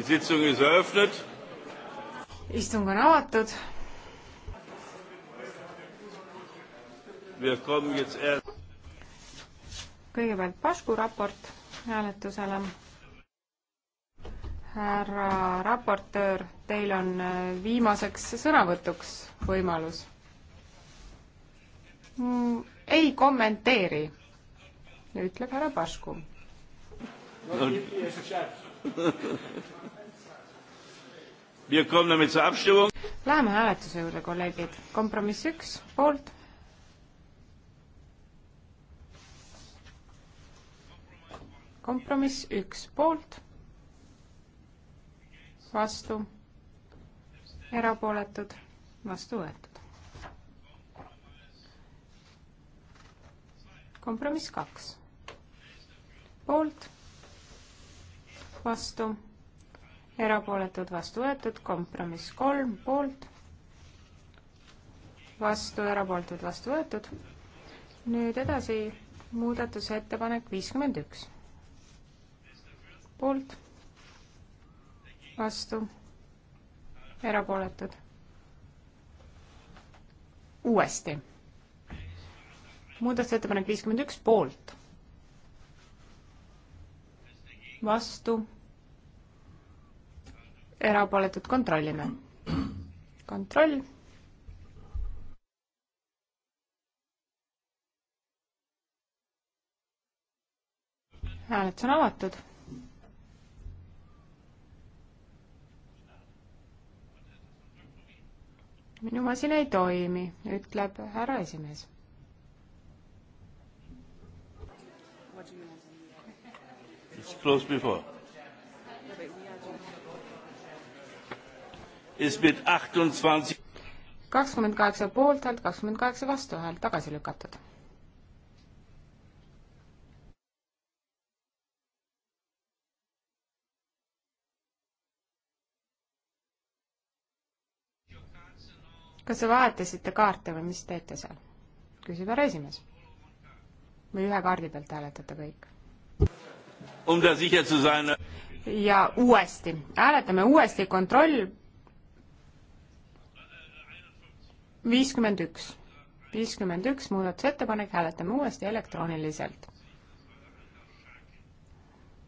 Die Sitzung ist eröffnet. Istung on avatud. Wir kommen jetzt erst kõigepealt Pašku raport hääletusele. härra raportöör, teil on äh, viimaseks sõnavõtuks võimalus. Mm, ei kommenteeri, ütleb härra Pašku. No, Läheme hääletuse juurde, kolleegid. kompromiss üks, poolt. kompromiss üks, poolt. vastu. erapooletud, vastu võetud. kompromiss kaks, poolt vastu, erapooletud vastu võetud, kompromiss kolm poolt, vastu, erapooletud vastu võetud. nüüd edasi muudatusettepanek viiskümmend üks. poolt, vastu, erapooletud. uuesti muudatusettepanek viiskümmend üks poolt vastu, erapooletud, kontrollime. kontroll. hääletus on avatud minu masin ei toimi, ütleb härra esimees It's closed before. Ist mit 28 kakskümmend kaheksa poolthäält, kakskümmend kaheksa vastuhäält tagasi lükatud. kas te vahetasite kaarte või mis teete seal? küsib härra esimees. või ühe kaardi pealt hääletate kõik? um da sicher zu sein. ja uuesti, hääletame uuesti, kontroll. viiskümmend üks, viiskümmend üks muudatusettepanek, hääletame uuesti elektrooniliselt.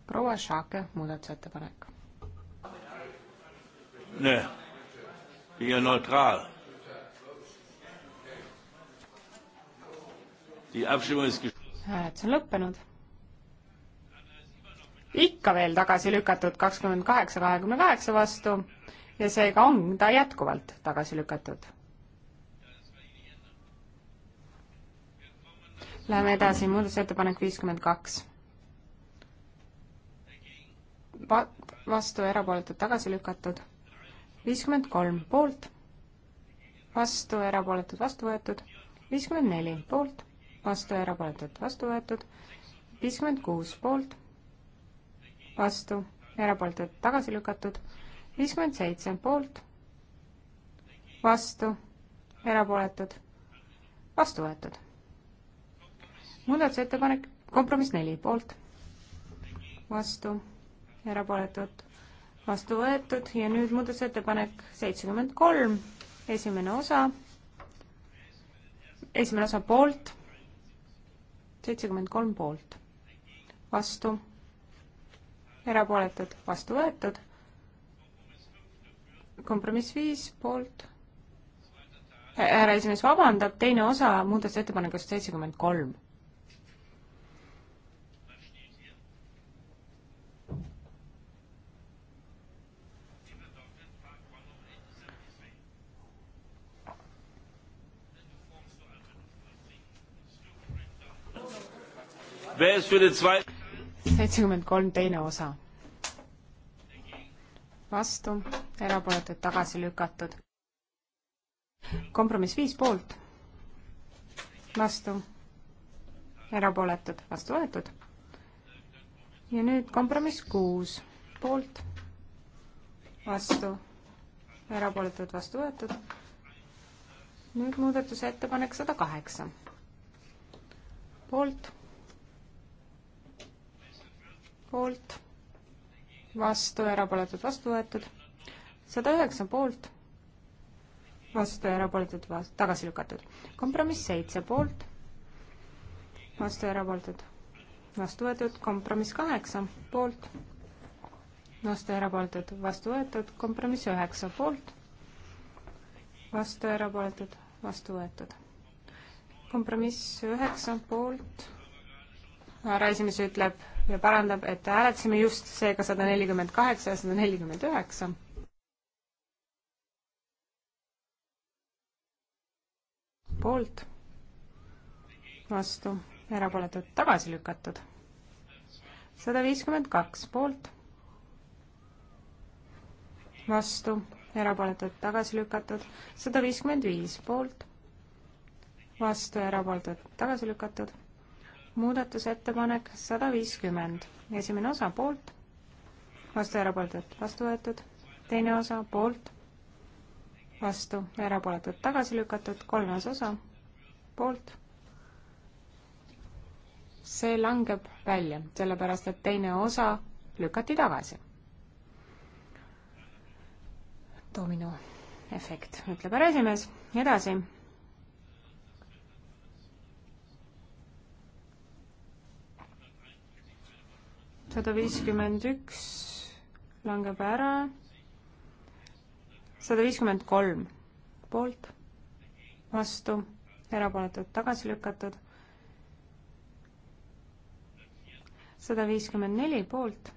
proua Šake muudatusettepanek. Nee, wir neutral. Die Abstimmung ist hääletus on lõppenud ikka veel tagasi lükatud kakskümmend kaheksa, kahekümne kaheksa vastu ja seega on ta jätkuvalt tagasi lükatud. Läheme edasi, muudatusettepanek viiskümmend kaks. Va-, vastu erapooletud tagasi lükatud, viiskümmend kolm poolt, vastu erapooletud vastu võetud, viiskümmend neli poolt, vastu erapooletud vastu võetud, viiskümmend kuus poolt vastu, erapooletud tagasi lükatud, viiskümmend seitse poolt, vastu, erapooletud, vastu võetud. muudatusettepanek, kompromiss neli poolt, vastu, erapooletud, vastu võetud ja nüüd muudatusettepanek seitsekümmend kolm, esimene osa, esimene osa poolt, seitsekümmend kolm poolt, vastu erapooletud, vastu võetud. kompromiss viis poolt. härra esimees vabandab, teine osa muudatusettepanekust seitsekümmend kolm. Wer ist für den zweiten? seitsekümmend kolm teine osa. vastu, erapooletud, tagasi lükatud. kompromiss viis poolt, vastu, erapooletud, vastu võetud. ja nüüd kompromiss kuus poolt, vastu, erapooletud, vastu võetud. nüüd muudatusettepanek sada kaheksa poolt poolt, vastu, erapooletud, vastu võetud. sada üheksa poolt, vastu, erapooletud, tagasi lükatud. kompromiss seitse poolt, vastu, erapooletud, vastu võetud. kompromiss kaheksa poolt, vastu, erapooletud, vastu võetud. kompromiss üheksa poolt, vastu, erapooletud, vastu võetud kompromiss üheksa poolt. härra esimees ütleb, ja parandab, et hääletasime just seega sada nelikümmend kaheksa ja sada nelikümmend üheksa. poolt, vastu, erapooletud, tagasi lükatud. sada viiskümmend kaks poolt, vastu, erapooletud, tagasi lükatud, sada viiskümmend viis poolt, vastu, erapooletud, tagasi lükatud muudatusettepanek sada viiskümmend, esimene osa poolt, vastu erapooletud, vastu võetud, teine osa poolt, vastu erapooletud, tagasi lükatud, kolmas osa poolt. see langeb välja, sellepärast et teine osa lükati tagasi. dominoefekt, ütleb härra esimees, edasi sada viiskümmend üks langeb ära. sada viiskümmend kolm poolt, vastu, erapooletud, tagasi lükatud. sada viiskümmend neli poolt,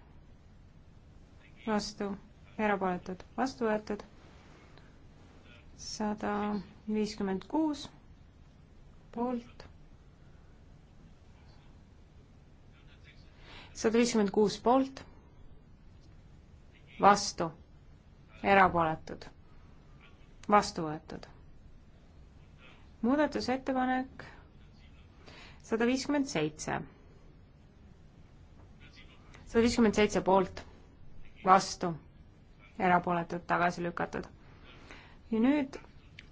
vastu, erapooletud, vastu võetud. sada viiskümmend kuus poolt, sada viiskümmend kuus poolt, vastu, erapooletud, vastu võetud. muudatusettepanek sada viiskümmend seitse. sada viiskümmend seitse poolt, vastu, erapooletud, tagasi lükatud. ja nüüd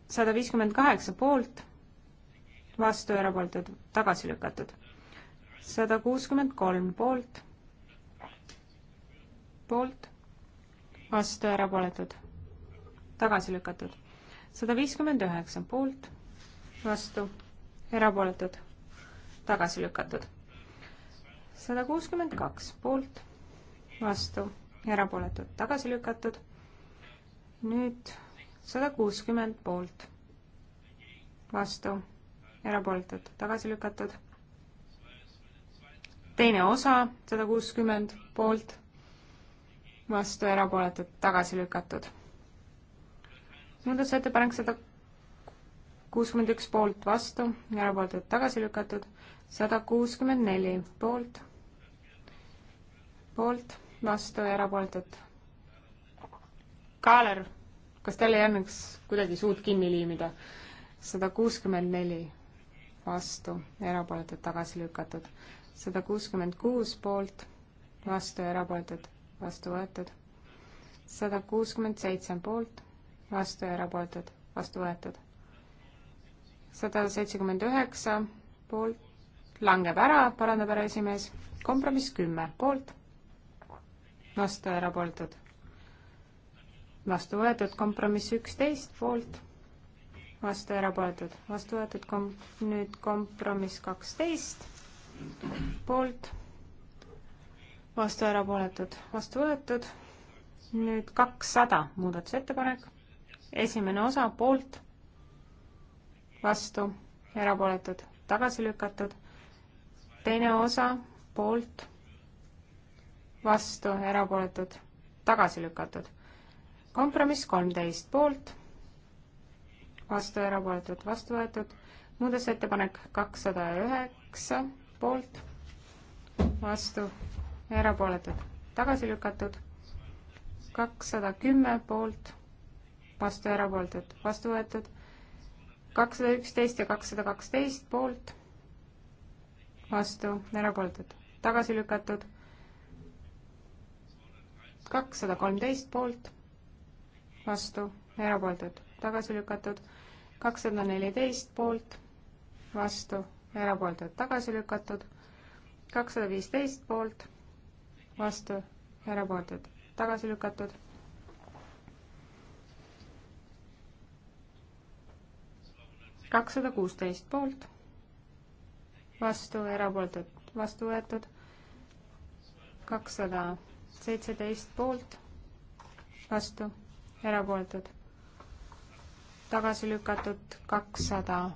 sada viiskümmend kaheksa poolt, vastu, erapooletud, tagasi lükatud sada kuuskümmend kolm poolt, poolt, vastu ja erapooletud, tagasi lükatud. sada viiskümmend üheksa poolt, vastu, erapooletud, tagasi lükatud. sada kuuskümmend kaks poolt, vastu, erapooletud, tagasi lükatud. nüüd sada kuuskümmend poolt, vastu, erapooletud, tagasi lükatud teine osa, sada kuuskümmend poolt, vastu erapooletud, tagasi lükatud. muudatusettepanek sada kuuskümmend üks poolt vastu, erapooletud tagasi lükatud, sada kuuskümmend neli poolt, poolt, vastu ja erapooletud. Kaaler, kas tal ei õnneks kuidagi suud kinni liimida? sada kuuskümmend neli vastu, erapooletud tagasi lükatud sada kuuskümmend kuus poolt, vastu ja erapooletud, vastu võetud. sada kuuskümmend seitse poolt, vastu ja erapooletud, vastu võetud. sada seitsekümmend üheksa poolt, langeb ära, parandab ära esimees, kompromiss kümme poolt, vastu ja erapooletud. vastu võetud, kompromiss üksteist poolt vastu erapooletud, vastu võetud kom-, nüüd kompromiss kaksteist, poolt, vastu erapooletud, vastu võetud. nüüd kakssada muudatusettepanek, esimene osa poolt, vastu, erapooletud, tagasi lükatud. teine osa poolt, vastu, erapooletud, tagasi lükatud. kompromiss kolmteist poolt, vastu, erapooletud, vastu võetud. muudatusettepanek kakssada üheksa poolt, vastu, erapooletud, tagasi lükatud, kakssada kümme poolt, vastu, erapooletud, vastu võetud, kakssada üksteist ja kakssada kaksteist poolt, vastu, erapooletud, tagasi lükatud, kakssada kolmteist poolt, vastu, erapooletud, tagasi lükatud, kakssada neliteist poolt, vastu, erapooletud tagasi lükatud, kakssada viisteist poolt, vastu, erapooletud tagasi lükatud. kakssada kuusteist poolt, vastu, erapooletud vastu võetud, kakssada seitseteist poolt, vastu, erapooletud tagasi lükatud, kakssada 200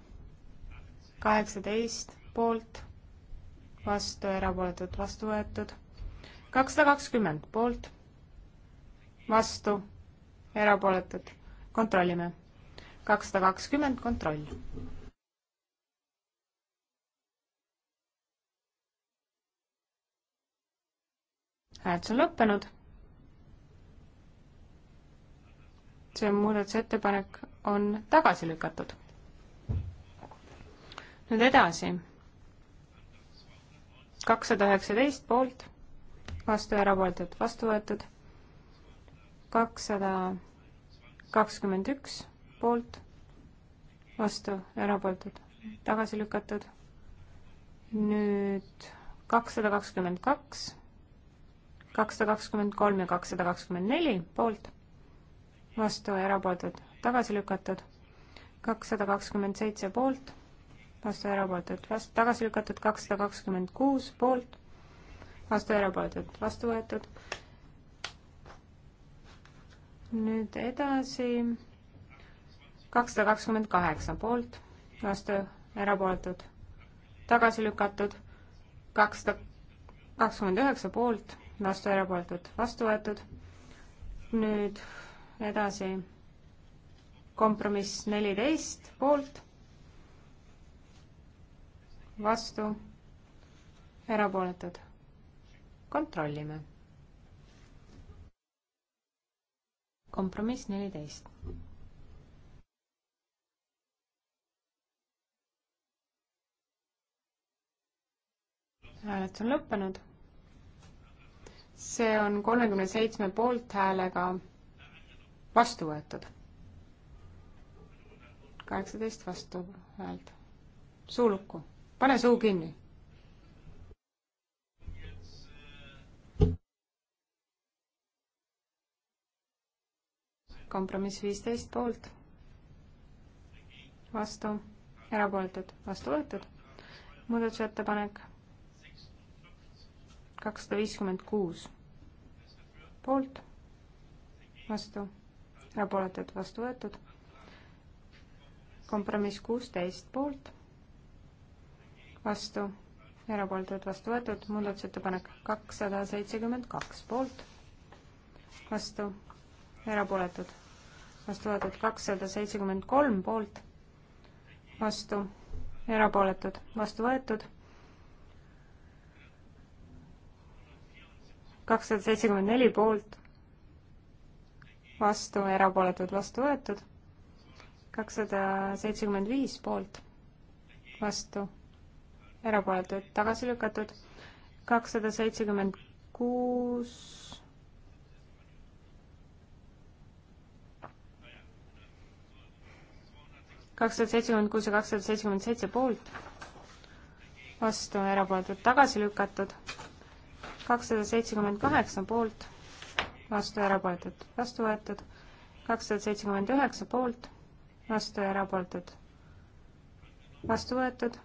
kaheksateist poolt, vastu, erapooletud, vastu võetud. kakssada kakskümmend poolt, vastu, erapooletud, kontrollime. kakssada kakskümmend, kontroll. hääletus on lõppenud. see muudatusettepanek on tagasi lükatud nüüd edasi. kakssada üheksateist poolt, vastu erapooletud, vastu võetud. kakssada kakskümmend üks poolt, vastu erapooletud, tagasi lükatud. nüüd kakssada kakskümmend kaks, kakssada kakskümmend kolm ja kakssada kakskümmend neli poolt, vastu erapooletud, tagasi lükatud. kakssada kakskümmend seitse poolt vastu erapooletud, vastu tagasi lükatud kakssada kakskümmend kuus poolt, vastu erapooletud, vastu võetud. nüüd edasi kakssada kakskümmend kaheksa poolt, vastu erapooletud, tagasi lükatud kakssada kakskümmend üheksa poolt, vastu erapooletud, vastu võetud. nüüd edasi kompromiss neliteist poolt vastu, erapooletud. kontrollime. kompromiss neliteist. hääletus on lõppenud. see on kolmekümne seitsme poolthäälega vastu võetud. kaheksateist vastuhäält. suu lukku pane suu kinni. kompromiss viisteist poolt, vastu, erapooletud, vastu võetud. muudatusettepanek kakssada viiskümmend kuus poolt, vastu, erapooletud, vastu võetud. kompromiss kuusteist poolt vastu, erapooletud, vastu võetud, muudatusettepanek kakssada seitsekümmend kaks poolt, vastu, erapooletud, vastu võetud kakssada seitsekümmend kolm poolt, vastu, erapooletud, vastu võetud kakssada seitsekümmend neli poolt, vastu, erapooletud, vastu võetud, kakssada seitsekümmend viis poolt, vastu erapooletud, tagasi lükatud, kakssada seitsekümmend kuus, kakssada seitsekümmend kuus ja kakssada seitsekümmend seitse poolt, vastu erapooletud tagasi lükatud, kakssada seitsekümmend kaheksa poolt, vastu erapooletud vastu võetud, kakssada seitsekümmend üheksa poolt, vastu erapooletud vastu võetud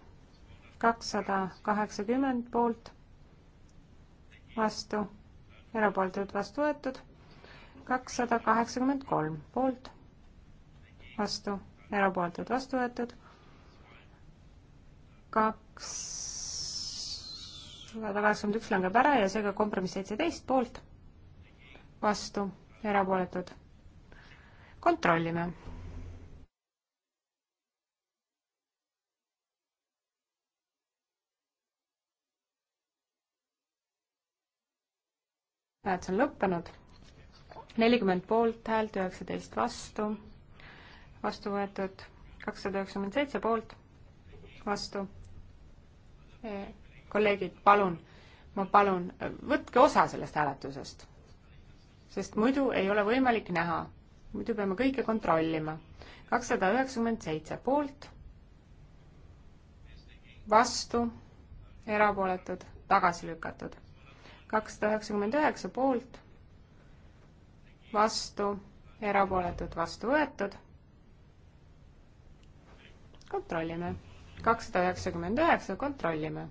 kakssada kaheksakümmend poolt, vastu, erapooletud vastu võetud, kakssada kaheksakümmend kolm poolt, vastu, erapooletud vastu võetud, kakssada kaheksakümmend üks langeb ära ja seega kompromiss seitseteist poolt, vastu, erapooletud. kontrollime hääletus on lõppenud. nelikümmend poolthäält, üheksateist vastu, vastu võetud kakssada üheksakümmend seitse poolt, vastu. Eh, kolleegid, palun, ma palun, võtke osa sellest hääletusest, sest muidu ei ole võimalik näha, muidu peame kõike kontrollima. kakssada üheksakümmend seitse poolt, vastu, erapooletud, tagasi lükatud kakssada üheksakümmend üheksa poolt, vastu, erapooletud, vastu võetud. kontrollime. kakssada üheksakümmend üheksa, kontrollime.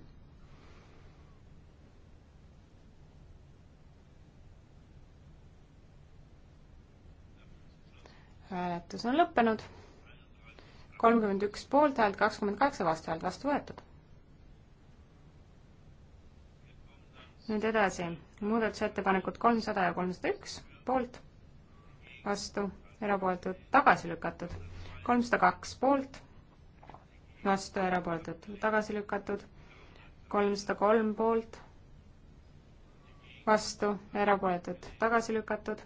hääletus on lõppenud. kolmkümmend üks poolthäält, kakskümmend kaheksa vastuhäält, vastu võetud nüüd edasi, muudatusettepanekud kolmsada ja kolmsada üks, poolt, vastu, erapooletud, tagasi lükatud. kolmsada kaks poolt, vastu, erapooletud, tagasi lükatud. kolmsada kolm poolt, vastu, erapooletud, tagasi lükatud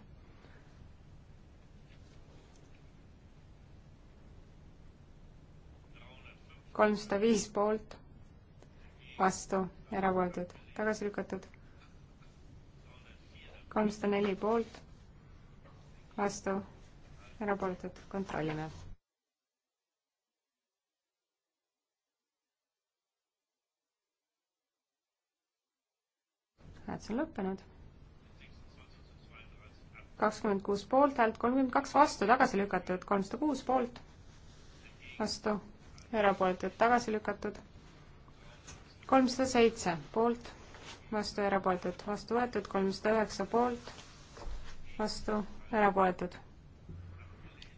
kolmsada viis poolt, vastu, erapooletud, tagasi lükatud. kolmsada neli poolt, vastu, erapooletud, kontrollime. hääletus on lõppenud. kakskümmend kuus poolthäält, kolmkümmend kaks vastu, tagasi lükatud, kolmsada kuus poolt, vastu, erapooletud, tagasi lükatud kolmsada seitse poolt, vastu, erapooletud, vastu võetud, kolmsada üheksa poolt, vastu, erapooletud.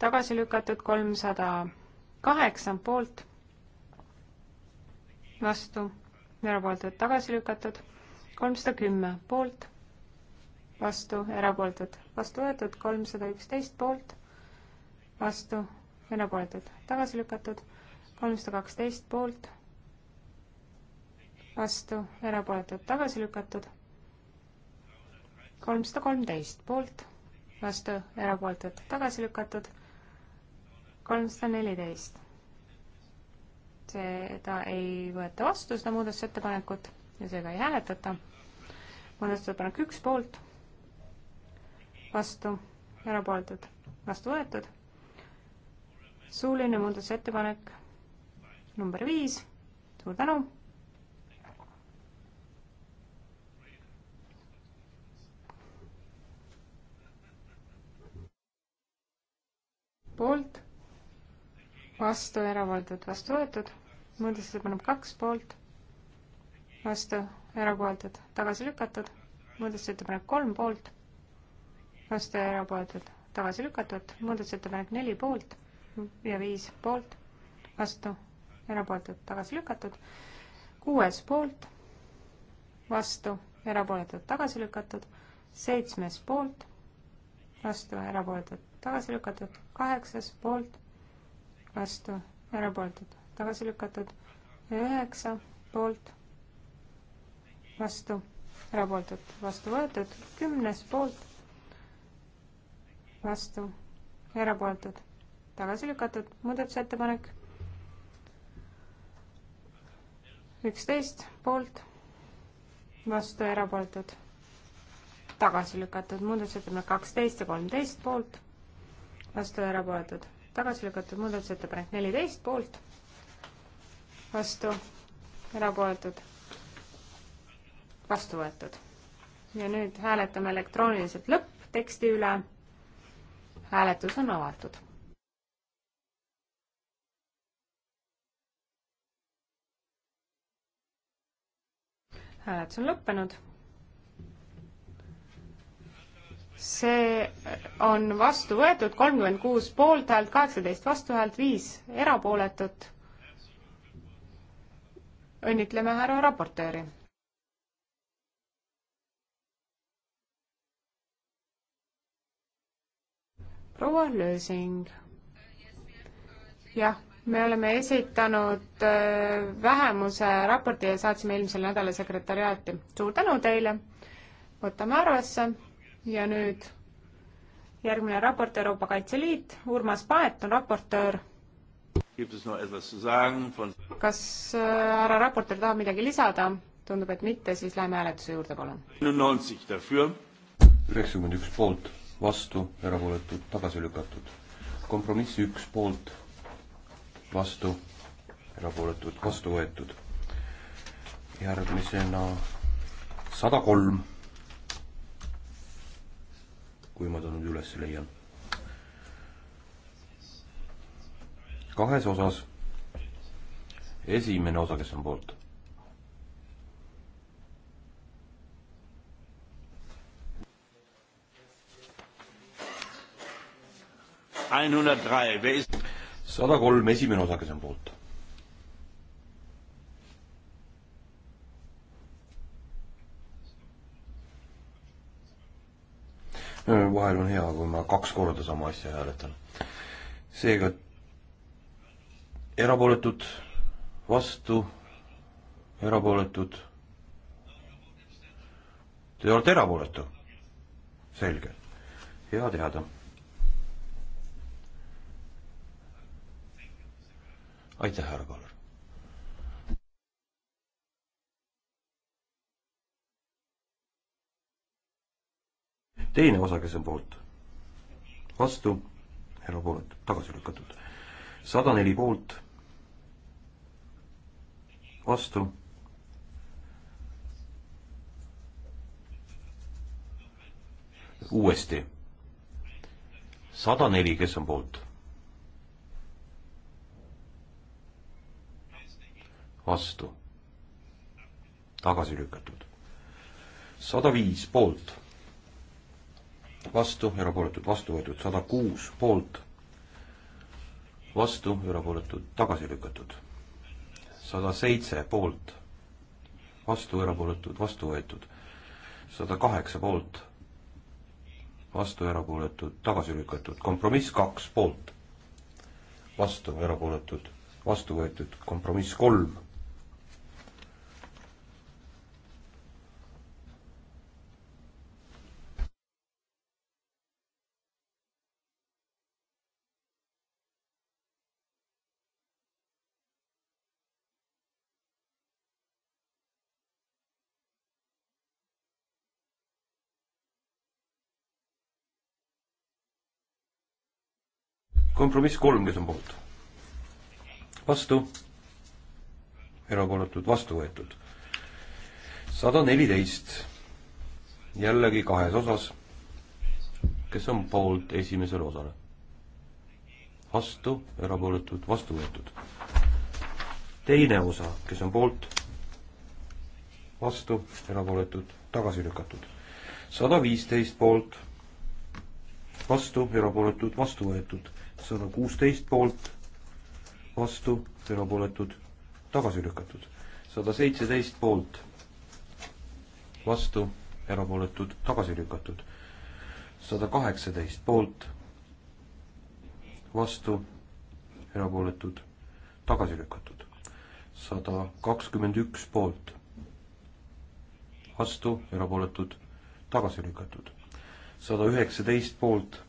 tagasi lükatud kolmsada kaheksa poolt, vastu, erapooletud, tagasi lükatud, kolmsada kümme poolt, vastu, erapooletud, vastu võetud, kolmsada üksteist poolt, vastu, erapooletud, tagasi lükatud, kolmsada kaksteist poolt vastu, erapooletud, tagasi lükatud. kolmsada kolmteist poolt, vastu, erapooletud, tagasi lükatud. kolmsada neliteist. seda ei võeta vastu, seda muudatusettepanekut ja seega ei hääletata. muudatusettepanek üks poolt, vastu, erapooletud, vastu võetud. suuline muudatusettepanek number viis, suur tänu poolt, vastu, erapooletud, vastu võetud. muudatusettepanek kaks poolt, vastu, erapooletud, tagasi lükatud. muudatusettepanek kolm poolt, vastu ja erapooletud, tagasi lükatud. muudatusettepanek neli poolt ja viis poolt, vastu, erapooletud, tagasi lükatud. kuues poolt, vastu, erapooletud, tagasi lükatud. seitsmes poolt, vastu, erapooletud, tagasi lükatud, kaheksas poolt, vastu, erapooletud, tagasi lükatud, üheksa poolt, vastu, erapooletud, vastu võetud, kümnes poolt, vastu, erapooletud, tagasi lükatud, muudatusettepanek üksteist poolt, vastu, erapooletud tagasi lükatud muudatusettepanek kaksteist ja kolmteist poolt, vastu erapooletud, tagasi lükatud muudatusettepanek neliteist poolt, vastu erapooletud, vastu võetud. ja nüüd hääletame elektrooniliselt lõppteksti üle. hääletus on avatud. hääletus on lõppenud see on vastu võetud, kolmkümmend kuus poolthäält, kaheksateist vastuhäält, viis erapooletut. õnnitleme härra raportööri. proua Lösing. jah me oleme esitanud äh, vähemuse raporti ja saatsime eelmisel nädalal sekretäriaati. suur tänu teile, võtame arvesse ja nüüd järgmine raport Euroopa Kaitseliit, Urmas Paet on raportöör. kas äh, härra raportöör tahab midagi lisada? tundub, et mitte, siis läheme hääletuse juurde, palun. üheksakümmend üks poolt, vastu, erapooletud, tagasi lükatud. kompromissi üks poolt, vastu, erapooletud, vastu võetud. järgmisena sada kolm kui ma ta nüüd üles leian. kahes osas. esimene osa, kes on poolt? sada kolm, esimene osa, kes on poolt vahel on hea, kui ma kaks korda sama asja hääletan. seega erapooletud, vastu, erapooletud. Te olete erapooletu? selge, hea teada. aitäh, härra Kallar. teine osa, kes on poolt, vastu, erapooletud, tagasi lükatud. sada neli poolt, vastu, uuesti, sada neli, kes on poolt, vastu, tagasi lükatud. sada viis poolt vastu, erapooletud, vastu võetud sada kuus poolt, vastu, erapooletud, tagasi lükatud. sada seitse poolt, vastu, erapooletud, vastu võetud. sada kaheksa poolt, vastu, erapooletud, tagasi lükatud. kompromiss kaks poolt, vastu, erapooletud, vastu võetud. kompromiss kolm kompromiss kolm, kes on poolt? vastu? erapooletud, vastu võetud. sada neliteist, jällegi kahes osas. kes on poolt esimesele osale? vastu, erapooletud, vastu võetud. teine osa, kes on poolt? vastu, erapooletud, tagasi lükatud. sada viisteist poolt, vastu, erapooletud, vastu võetud sada kuusteist poolt, vastu, erapooletud, tagasi lükatud. sada seitseteist poolt, vastu, erapooletud, tagasi lükatud. sada kaheksateist poolt, vastu, erapooletud, tagasi lükatud. sada kakskümmend üks poolt, vastu, erapooletud, tagasi lükatud. sada üheksateist poolt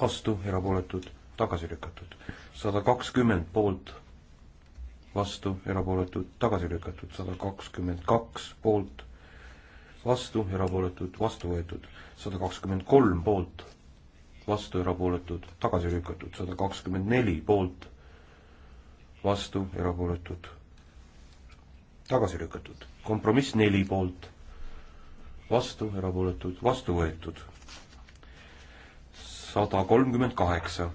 vastu, erapooletud, tagasi lükatud. sada kakskümmend poolt, vastu, erapooletud, tagasi lükatud. sada kakskümmend kaks poolt, vastu, erapooletud, vastu võetud. sada kakskümmend kolm poolt, vastu, erapooletud, tagasi lükatud. sada kakskümmend neli poolt, vastu, erapooletud, tagasi lükatud. kompromiss neli poolt, vastu, erapooletud, vastu võetud sada kolmkümmend kaheksa.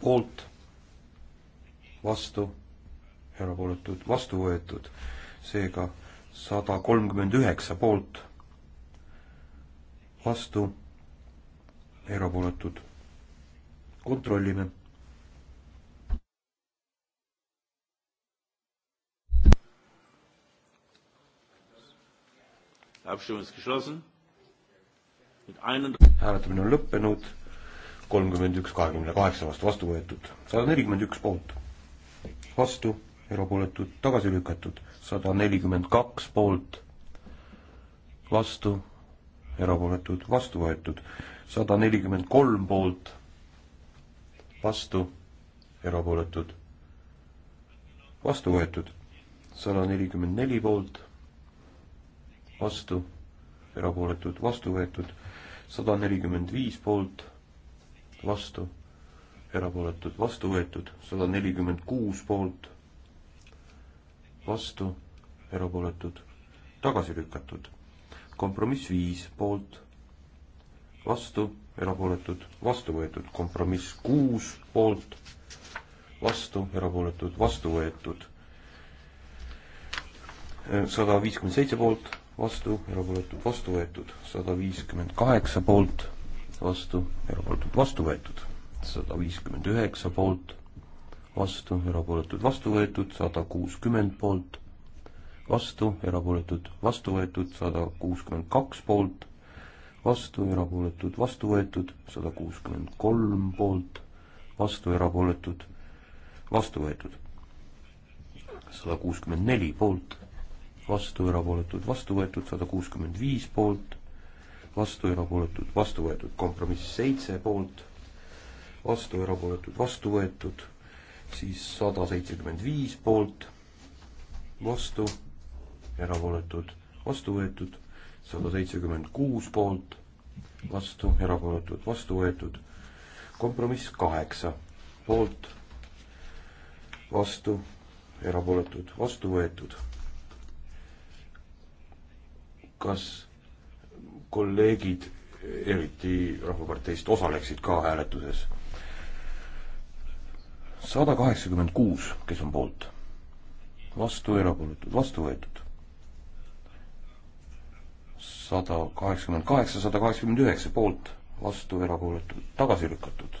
poolt, vastu, erapooletud, vastu võetud. seega sada kolmkümmend üheksa poolt, vastu, erapooletud. kontrollime hääletamine on lõppenud, kolmkümmend üks kahekümne kaheksa vastu vastu võetud, sada nelikümmend üks poolt, vastu, erapooletud, tagasi lükatud, sada nelikümmend kaks poolt, vastu, erapooletud, vastu võetud, sada nelikümmend kolm poolt, vastu, erapooletud, vastu võetud, sada nelikümmend neli poolt vastu, erapooletud, vastu võetud, sada nelikümmend viis poolt, vastu, erapooletud, vastu võetud, sada nelikümmend kuus poolt, vastu, erapooletud, tagasi lükatud. kompromiss viis poolt, vastu, erapooletud, vastu võetud, kompromiss kuus poolt, vastu, erapooletud, vastu võetud sada viiskümmend seitse poolt, vastu, erapooletud vastu võetud, sada viiskümmend kaheksa poolt, vastu, erapooletud vastu võetud, sada viiskümmend üheksa poolt, vastu, erapooletud vastu võetud, sada kuuskümmend poolt, vastu, erapooletud vastu võetud, sada kuuskümmend kaks poolt, vastu, erapooletud vastu võetud, sada kuuskümmend kolm poolt, vastu, erapooletud vastu võetud, sada kuuskümmend neli poolt vastu erapooletud, vastu võetud sada kuuskümmend viis poolt, vastu erapooletud, vastu võetud kompromiss seitse poolt, vastu erapooletud, vastu võetud, siis sada seitsekümmend viis poolt, vastu erapooletud, vastu võetud, sada seitsekümmend kuus poolt, vastu erapooletud, vastu võetud, kompromiss kaheksa poolt, vastu erapooletud, vastu võetud kas kolleegid, eriti Rahvaparteist, osaleksid ka hääletuses? sada kaheksakümmend kuus, kes on poolt, vastu erapooletud, vastu võetud. sada kaheksakümmend kaheksa, sada kaheksakümmend üheksa poolt, vastu erapooletud, tagasi lükatud.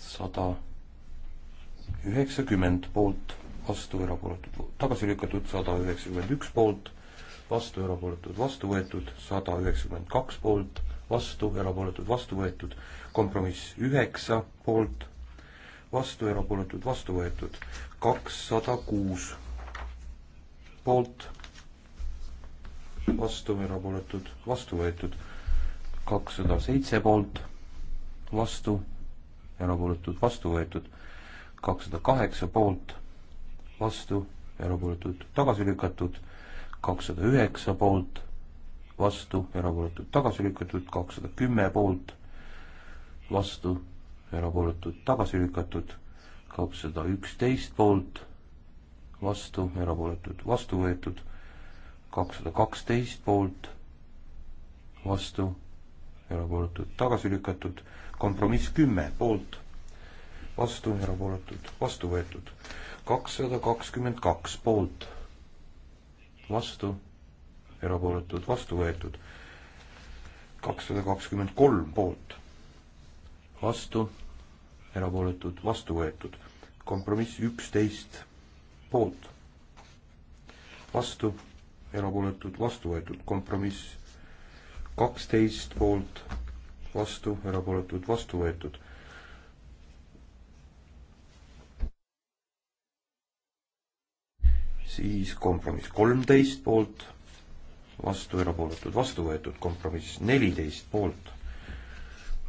sada üheksakümmend poolt vastu, erapooletud, tagasi lükatud sada üheksakümmend üks poolt, vastu, erapooletud, vastu võetud sada üheksakümmend kaks poolt, vastu, erapooletud, vastu võetud, kompromiss üheksa poolt, vastu, erapooletud, vastu võetud, kakssada kuus poolt, vastu, erapooletud, vastu võetud, kakssada seitse poolt, vastu, erapooletud, vastu võetud, kakssada kaheksa poolt vastu, erapooletud tagasi lükatud, kakssada üheksa poolt, vastu, erapooletud tagasi lükatud, kakssada kümme poolt, vastu, erapooletud tagasi lükatud, kakssada üksteist poolt, vastu, erapooletud vastu võetud, kakssada kaksteist poolt, vastu, erapooletud tagasi lükatud, kompromiss kümme poolt, vastu, erapooletud vastu võetud kakssada kakskümmend kaks poolt, vastu, erapooletud, vastu võetud. kakssada kakskümmend kolm poolt, vastu, erapooletud, vastu võetud. kompromiss üksteist poolt, vastu, erapooletud, vastu võetud. kompromiss kaksteist poolt, vastu, erapooletud, vastu võetud siis kompromiss kolmteist poolt, vastu erapooletud, vastu võetud, kompromiss neliteist poolt,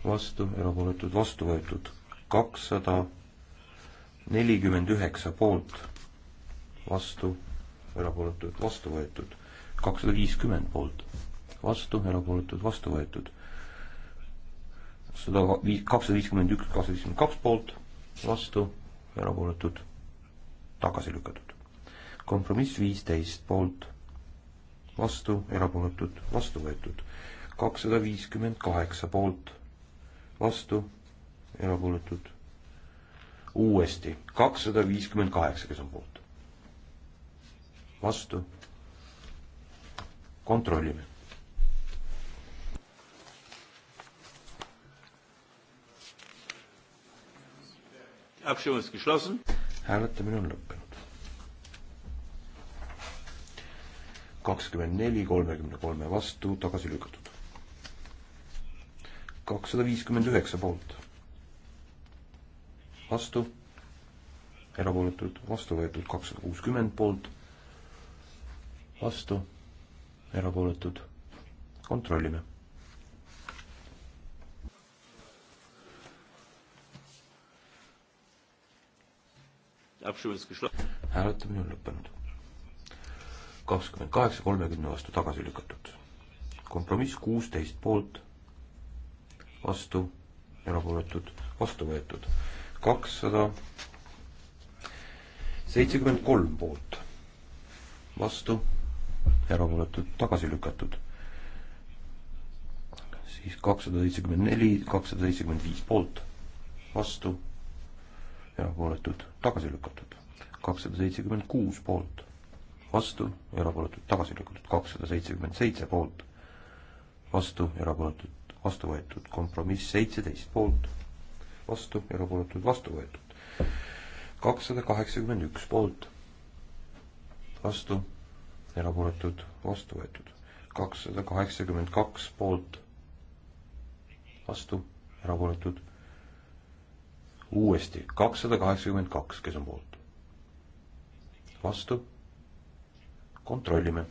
vastu erapooletud, vastu võetud, kakssada nelikümmend üheksa poolt, vastu erapooletud, vastu võetud, kakssada viiskümmend poolt, vastu erapooletud, vastu võetud, sada viis, kakssada viiskümmend üks, kakssada viiskümmend kaks poolt, vastu erapooletud, tagasi lükatud kompromiss viisteist poolt, vastu, erapooletud, vastu võetud. kakssada viiskümmend kaheksa poolt, vastu, erapooletud. uuesti, kakssada viiskümmend kaheksa, kes on poolt. vastu. kontrollime Abstimmung ist geschlossen. Hääletamine on lõppenud. kakskümmend neli kolmekümne kolme vastu tagasi lükatud. kakssada viiskümmend üheksa poolt. vastu, erapooletud, vastu võetud kakssada kuuskümmend poolt, vastu, erapooletud, kontrollime hääletamine on lõppenud kakskümmend kaheksa kolmekümne vastu tagasi lükatud. kompromiss kuusteist poolt, vastu, erapooletud, vastu võetud. kakssada seitsekümmend kolm poolt, vastu, erapooletud, tagasi lükatud. siis kakssada seitsekümmend neli, kakssada seitsekümmend viis poolt, vastu, erapooletud, tagasi lükatud. kakssada seitsekümmend kuus poolt vastu, erapooletud tagasi lükatud kakssada seitsekümmend seitse poolt, vastu, erapooletud vastu võetud, kompromiss seitseteist poolt, vastu, erapooletud vastu võetud, kakssada kaheksakümmend üks poolt, vastu, erapooletud vastu võetud, kakssada kaheksakümmend kaks poolt, vastu, erapooletud uuesti kakssada kaheksakümmend kaks, kes on poolt, vastu kontrollime.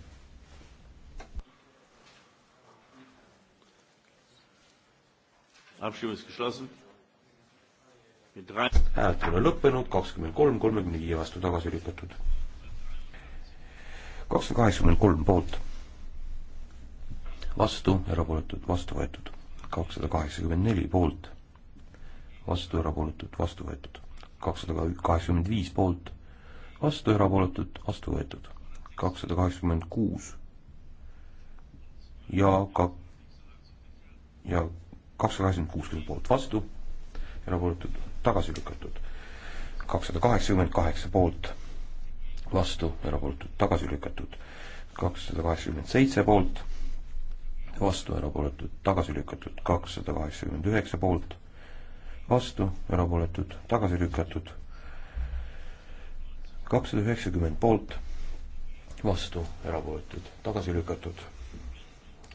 hääletamine lõppenud, kakskümmend kolm, kolmekümne viie vastu tagasi lükatud. kakssada kaheksakümmend kolm poolt, vastu, erapooletud, vastu võetud. kakssada kaheksakümmend neli poolt, vastu, erapooletud, vastu võetud. kakssada kaheksakümmend viis poolt, vastu, erapooletud, vastu võetud kakssada kaheksakümmend kuus ja ka ja kakssada kaheksakümmend kuus, kes poolt vastu, nagu erapooletud tagasi lükatud. kakssada kaheksakümmend kaheksa poolt vastu, nagu erapooletud tagasi lükatud. kakssada kaheksakümmend seitse poolt vastu, nagu erapooletud tagasi lükatud. kakssada kaheksakümmend üheksa poolt vastu, erapooletud tagasi lükatud. kakssada üheksakümmend poolt vastu, erapooletud, tagasi lükatud.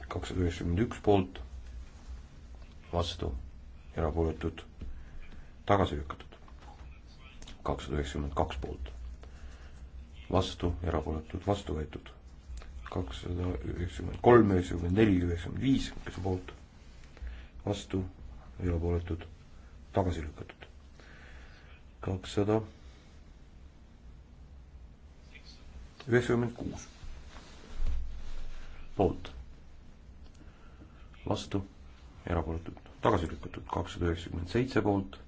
kakssada üheksakümmend üks poolt, vastu, erapooletud, tagasi lükatud. kakssada üheksakümmend kaks poolt, vastu, erapooletud, vastu võetud. kakssada üheksakümmend kolm, üheksakümmend neli, üheksakümmend viis, kes on poolt, vastu, erapooletud, tagasi lükatud. kakssada 200 üheksakümmend kuus. poolt, vastu, erapooletud, tagasi lükatud, kakssada üheksakümmend seitse poolt,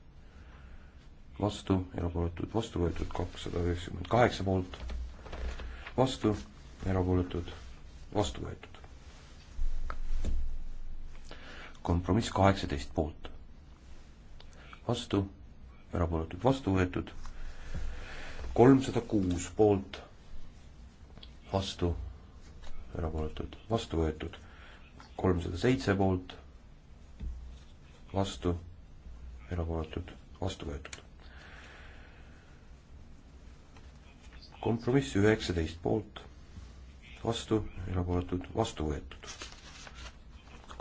vastu, erapooletud, vastu võetud, kakssada üheksakümmend kaheksa poolt, vastu, erapooletud, vastu võetud. kompromiss kaheksateist poolt, vastu, erapooletud, vastu võetud, kolmsada kuus poolt vastu, erapooletud, vastu võetud. kolmsada seitse poolt, vastu, erapooletud, vastu võetud. kompromiss üheksateist poolt, vastu, erapooletud, vastu võetud.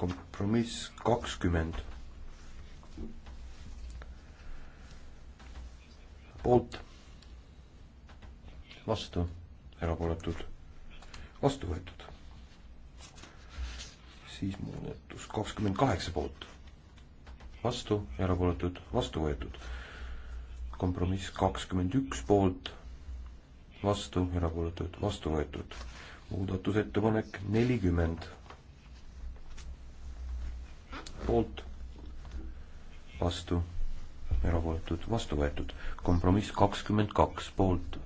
kompromiss kakskümmend poolt, vastu, erapooletud vastu võetud. siis muudatus kakskümmend kaheksa poolt, vastu, erapooletud, vastu võetud. kompromiss kakskümmend üks poolt, vastu, erapooletud, vastu võetud. muudatusettepanek nelikümmend poolt, vastu, erapooletud, vastu võetud. kompromiss kakskümmend kaks poolt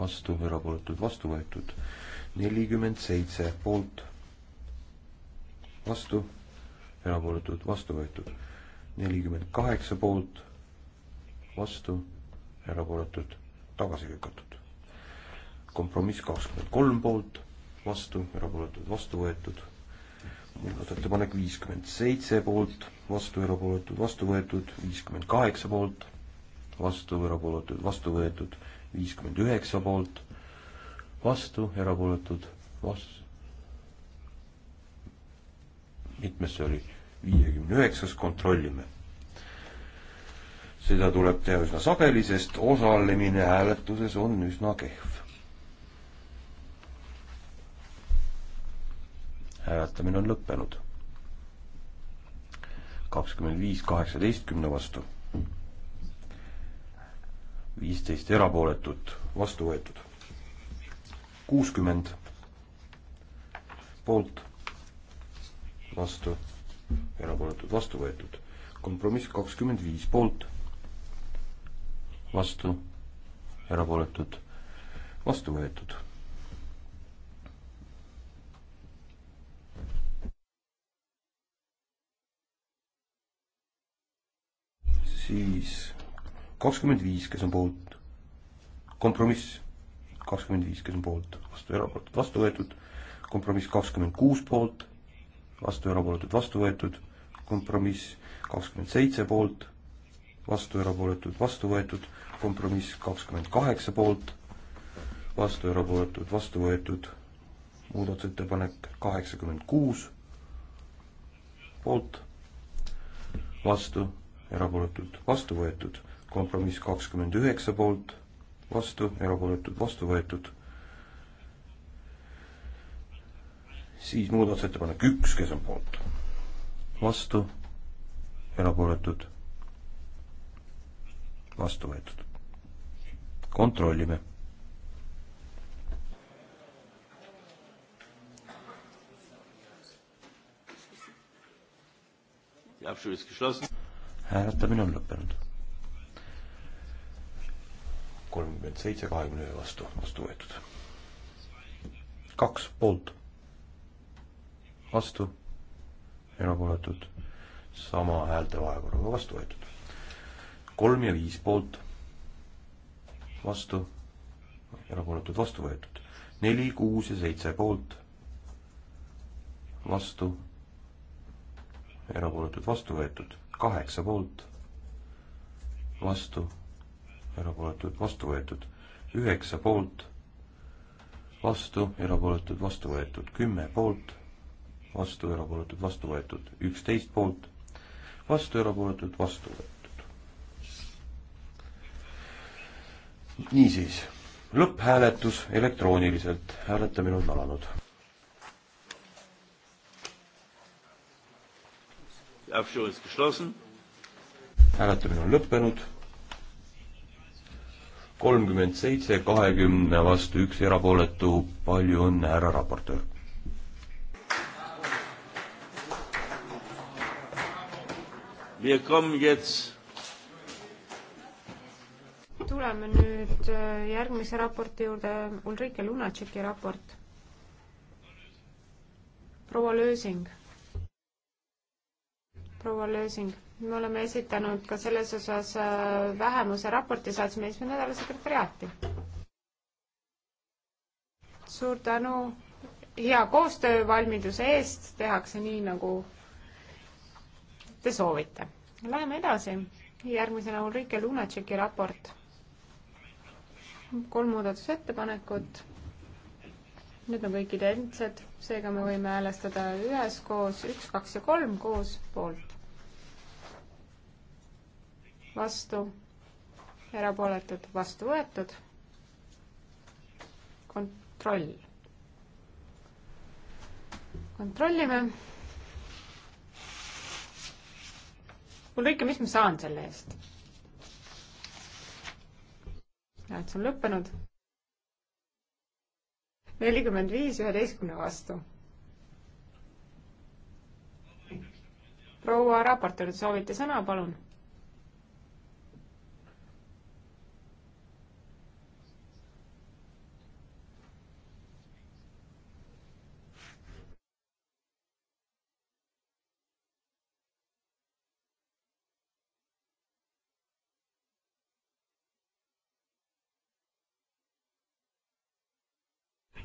vastu, erapooletud vastu võetud. nelikümmend seitse poolt, vastu, erapooletud vastu võetud. nelikümmend kaheksa poolt, vastu, erapooletud tagasi lükatud. kompromiss kakskümmend kolm poolt, vastu, erapooletud vastu võetud muudatusettepanek viiskümmend seitse poolt, vastu erapooletud, vastu võetud, viiskümmend kaheksa poolt, vastu erapooletud, vastu võetud, viiskümmend üheksa poolt, vastu, erapooletud, vas-, mitmes see oli, viiekümne üheksas, kontrollime. seda tuleb teha üsna sageli, sest osalemine hääletuses on üsna kehv. hääletamine on lõppenud. kakskümmend viis kaheksateistkümne vastu viisteist erapooletut, vastu võetud. kuuskümmend poolt, vastu, erapooletud, vastu võetud. kompromiss kakskümmend viis poolt, vastu, erapooletud, vastu võetud. siis kakskümmend viis, kes on poolt. kompromiss kakskümmend viis, kes on poolt, vastu erapooletud, vastu võetud. kompromiss kakskümmend kuus poolt, vastu erapooletud, vastu võetud. kompromiss kakskümmend seitse poolt, vastu erapooletud, vastu võetud. kompromiss kakskümmend kaheksa poolt, vastu erapooletud, vastu võetud. muudatusettepanek kaheksakümmend kuus poolt, vastu erapooletult vastu võetud kompromiss kakskümmend üheksa poolt, vastu, erapooletud, vastu võetud. siis muudatusettepanek üks, kes on poolt, vastu, erapooletud, vastu võetud. kontrollime hääletamine on lõppenud kolmkümmend seitse kahekümne ühe vastu, vastu võetud. kaks poolt, vastu, erapooletud, sama häälte vahekorraga vastu võetud. kolm ja viis poolt, vastu, erapooletud, vastu võetud. neli, kuus ja seitse poolt, vastu, erapooletud, vastu võetud. kaheksa poolt, vastu erapooletud, vastu võetud. üheksa poolt, vastu, erapooletud, vastu võetud. kümme poolt, vastu, erapooletud, vastu võetud. üksteist poolt, vastu, erapooletud, vastu võetud. niisiis, lõpphääletus elektrooniliselt. hääletamine on alanud. hääletamine on lõppenud kolmkümmend seitse, kahekümne vastu üks erapooletu, palju õnne, härra raportöör! Wir kommen jetzt tuleme nüüd äh, järgmise raporti juurde, Ulrike Lunatšeki raport. proua Lösing. proua Lösing me oleme esitanud ka selles osas äh, vähemuse raporti, saatsime esimene nädal sekretäriaati. suur tänu hea koostöövalmiduse eest, tehakse nii, nagu te soovite. Läheme edasi, järgmisena Ulrike Lunatšeki raport. kolm muudatusettepanekut. Need on kõik identsed, seega me võime häälestada üheskoos üks, kaks ja kolm koos poolt vastu, erapooletud, vastu võetud. kontroll. kontrollime. Ulrike, mis ma saan selle eest? hääletus on lõppenud. nelikümmend viis üheteistkümne vastu proua raportöör, soovite sõna, palun?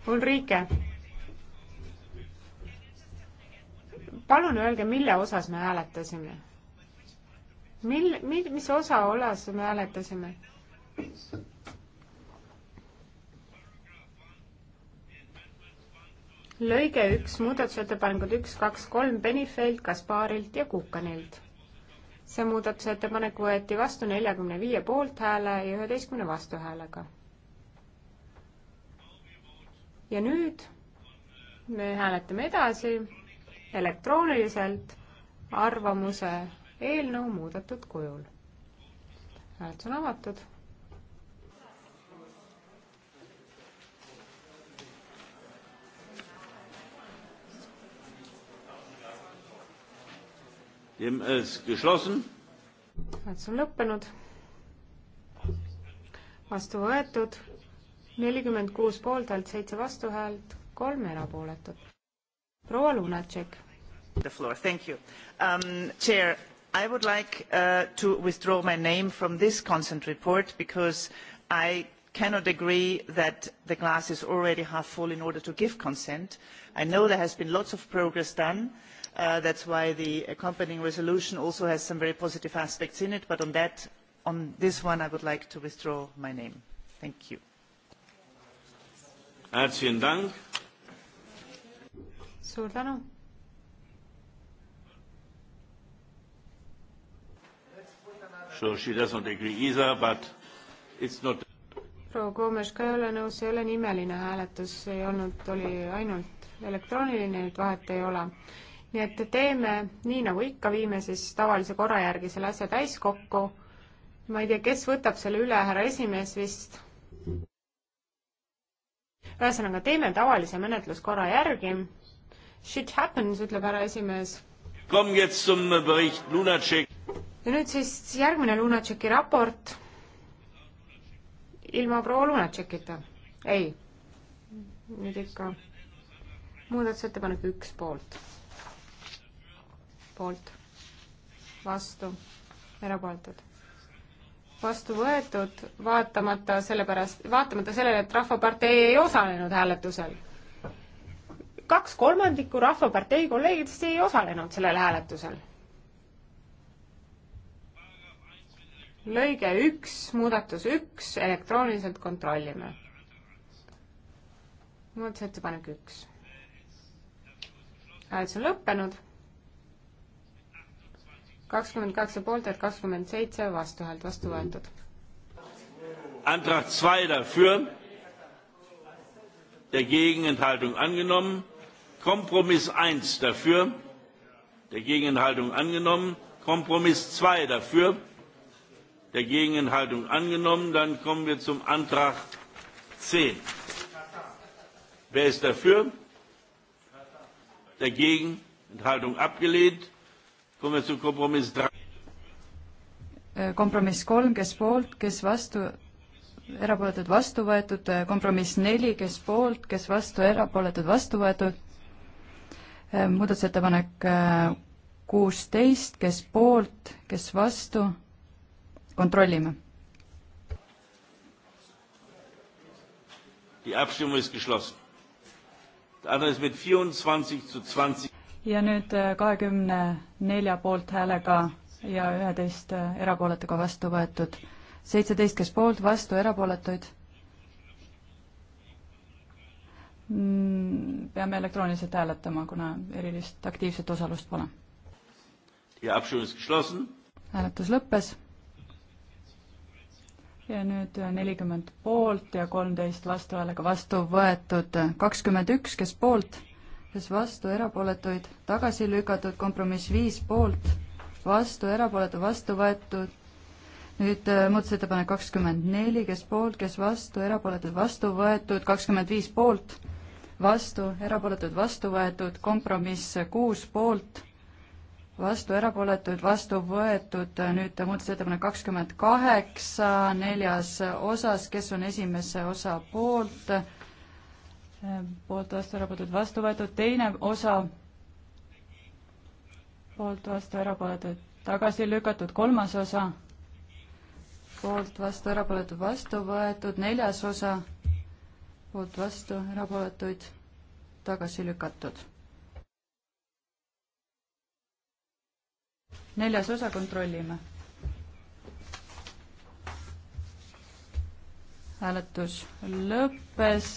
Ulrike, palun öelge, mille osas me hääletasime? mil-, mi-, mis osa osas me hääletasime? lõige üks, muudatusettepanekud üks, kaks, kolm Benifeld, Kasparilt ja Kukanilt. see muudatusettepanek võeti vastu neljakümne viie poolthääle ja üheteistkümne vastuhäälega ja nüüd me hääletame edasi elektrooniliselt arvamuse eelnõu muudetud kujul. hääletus on avatud. hääletus on lõppenud. vastu võetud nelikümmend kuus poolthäält, seitse vastuhäält, kolm erapooletut. proua Lunatšek. The floor, thank you um,. Chair, I would like uh, to withdraw my name from this consent report because I cannot agree that the glass is already half full in order to give consent. I know there has been lots of progress done. Uh, that's why the accompanying resolution also has some very positive aspects in it, but on that, on this one, I would like to withdraw my name. Thank you. Herzlichen Dank. suur tänu. So she doesn't agree either, but it's not proua Koomes ka ei ole nõus, see ei ole nimeline hääletus, ei olnud, oli ainult elektrooniline, nüüd vahet ei ole. nii et teeme nii, nagu ikka, viime siis tavalise korra järgi selle asja täiskokku. ma ei tea, kes võtab selle üle, härra esimees vist ühesõnaga, teeme tavalise menetluskorra järgi. Shit happens, ütleb härra esimees. ja nüüd siis järgmine Lunatšeki raport. ilma proua Lunatšekita. ei, nüüd ikka muudatusettepanek üks poolt. poolt, vastu, erapooletud vastu võetud, vaatamata selle pärast, vaatamata sellele, et Rahvapartei ei osalenud hääletusel. kaks kolmandikku Rahvapartei kolleegidest ei osalenud sellel hääletusel. lõige üks, muudatus üks, elektrooniliselt kontrollime. muudatusettepanek üks. hääletus on lõppenud kakskümmend kaheksa poolt, et kakskümmend seitse vastuhäält, vastu võetud. Antrag zwei dafür, dagegen Enthaltung angenommen. Kompromiss eins dafür, dagegen Enthaltung angenommen. Kompromiss zwei dafür, dagegen Enthaltung angenommen. Dann kommen wir zum Antrag zehn. Wer ist dafür? Dagegen Enthaltung abgelehnt. Äh, kompromiss kolm, kes poolt, kes vastu, erapooletud vastu võetud, äh, kompromiss neli, kes poolt, kes vastu, erapooletud vastu võetud, äh, muudatusettepanek kuusteist, kes poolt, kes vastu, kontrollime. Die Abstimmung ist geschlossen. Der andere ist mit 24 zu 20 ja nüüd äh, kahekümne nelja poolthäälega ja üheteist äh, erapooletuga vastu võetud. seitseteist, kes poolt, vastu, erapooletuid? Mm, peame elektrooniliselt hääletama, kuna erilist aktiivset osalust pole. hääletus lõppes. ja nüüd äh, nelikümmend poolt ja kolmteist vastuhäälega vastu võetud, kakskümmend üks, kes poolt kes vastu, erapooletuid tagasi lükatud, kompromiss viis poolt, vastu, erapooletu, vastu võetud. nüüd äh, muudatusettepanek kakskümmend neli, kes poolt, kes vastu, erapooletud, vastu võetud, kakskümmend viis poolt, vastu, erapooletud, vastu võetud, kompromiss kuus poolt, vastu, erapooletuid, vastu võetud, nüüd äh, muudatusettepanek kakskümmend kaheksa, neljas osas, kes on esimese osa poolt poolt vastu, erapooletud vastu võetud, teine osa poolt vastu, erapooletud tagasi lükatud, kolmas osa poolt vastu, erapooletud vastu võetud, neljas osa poolt vastu, erapooletuid tagasi lükatud. neljas osa kontrollime. hääletus lõppes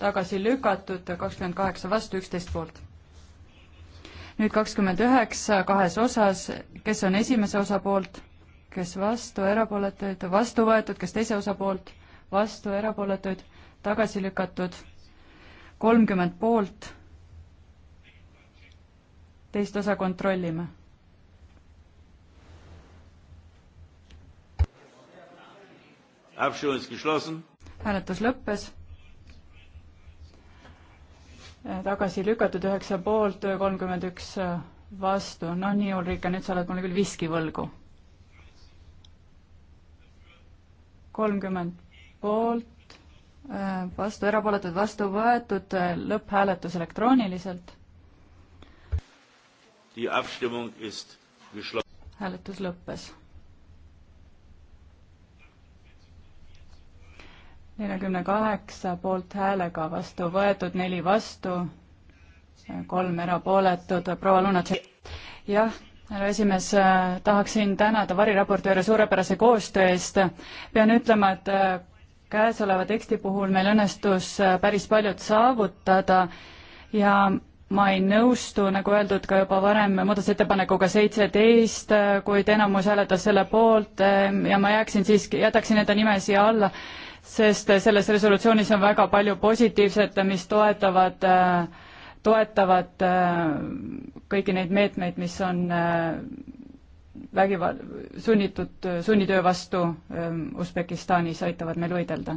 tagasi lükatud, kakskümmend kaheksa vastu, üksteist poolt. nüüd kakskümmend üheksa kahes osas, kes on esimese osa poolt, kes vastu, erapooletuid, vastu võetud, kes teise osa poolt, vastu, erapooletuid, tagasi lükatud, kolmkümmend poolt, teist osa kontrollime hääletus lõppes tagasi lükatud, üheksa poolt, kolmkümmend üks vastu. no nii, Ulrika, nüüd sa oled mulle küll viski võlgu. kolmkümmend poolt, äh, vastu, erapooletud, vastu võetud, äh, lõpphääletus elektrooniliselt. hääletus lõppes neljakümne kaheksa poolthäälega vastu võetud, neli vastu, kolm erapooletut, proua Lunatšek. jah, härra esimees, tahaksin tänada variraportööre suurepärase koostöö eest. pean ütlema, et käesoleva teksti puhul meil õnnestus päris paljud saavutada ja ma ei nõustu, nagu öeldud ka juba varem, muudatusettepanekuga seitseteist, kuid enamus hääletas selle poolt ja ma jääksin siiski, jätaksin enda nime siia alla sest selles resolutsioonis on väga palju positiivset, mis toetavad, toetavad äh, kõiki neid meetmeid, mis on äh, vägivald, sunnitud, sunnitöö vastu ähm, Usbekistanis aitavad meil võidelda.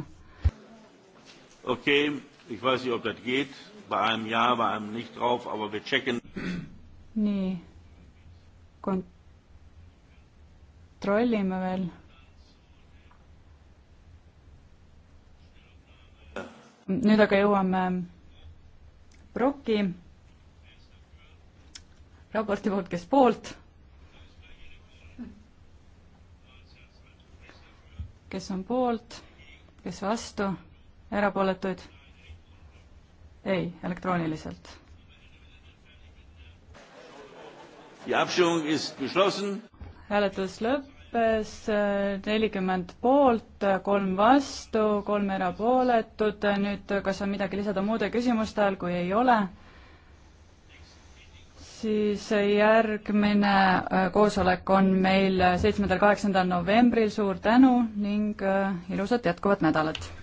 okei okay., ich weiß nicht, ob das geht, bei einem ja, bei einem nicht drauf, aber wir checken. nii, kontrollime veel nüüd aga jõuame Broki raporti poolt, kes poolt, kes on poolt, kes vastu, erapooletuid? ei, elektrooniliselt. hääletus lõpp lõppes äh, nelikümmend poolt, kolm vastu, kolm erapooletut. nüüd, kas on midagi lisada muude küsimuste all, kui ei ole? siis järgmine äh, koosolek on meil seitsmendal, kaheksandal novembril, suur tänu ning äh, ilusat jätkuvat nädalat!